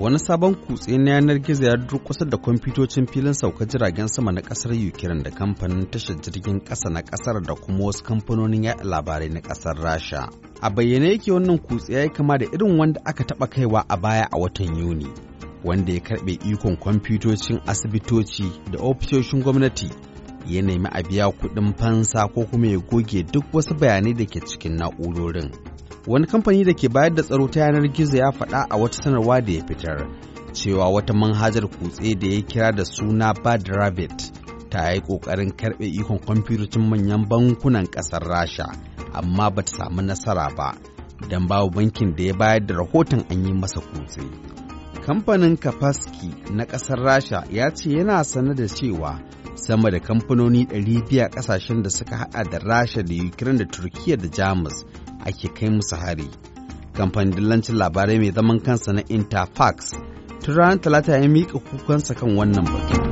wani sabon kutse na yanar gizo ya durkusa da kwamfutocin filin sauka jiragen sama na kasar ukraine da kamfanin tashar jirgin kasa na kasar da kuma wasu kamfanonin ya labarai na kasar rasha a bayyane yake wannan kutse ya yi kama da irin wanda aka taba kaiwa a baya a watan yuni wanda ya karbe ikon kwamfutocin asibitoci da ofisoshin gwamnati ya nemi a biya kuɗin fansa ko kuma ya goge duk wasu bayanai da ke cikin na'urorin wani kamfani da ke bayar da tsaro ta yanar gizo ya faɗa a wata sanarwa da ya fitar cewa wata manhajar kutse da ya kira da suna bad rabbit ta yi ƙoƙarin karɓe ikon kwamfutocin manyan bankunan ƙasar rasha amma ba ta samu nasara ba don babu bankin da ya bayar da rahoton an yi masa kutse kamfanin kafaski na ƙasar rasha ya ce yana sanar da cewa sama da kamfanoni 500 ƙasashen da suka haɗa da rasha da ukraine da turkiya da jamus ake kai musu hari kamfanin dillancin labarai mai zaman kansa na interfax tun ranar talata ya miƙa kukansa kan wannan batun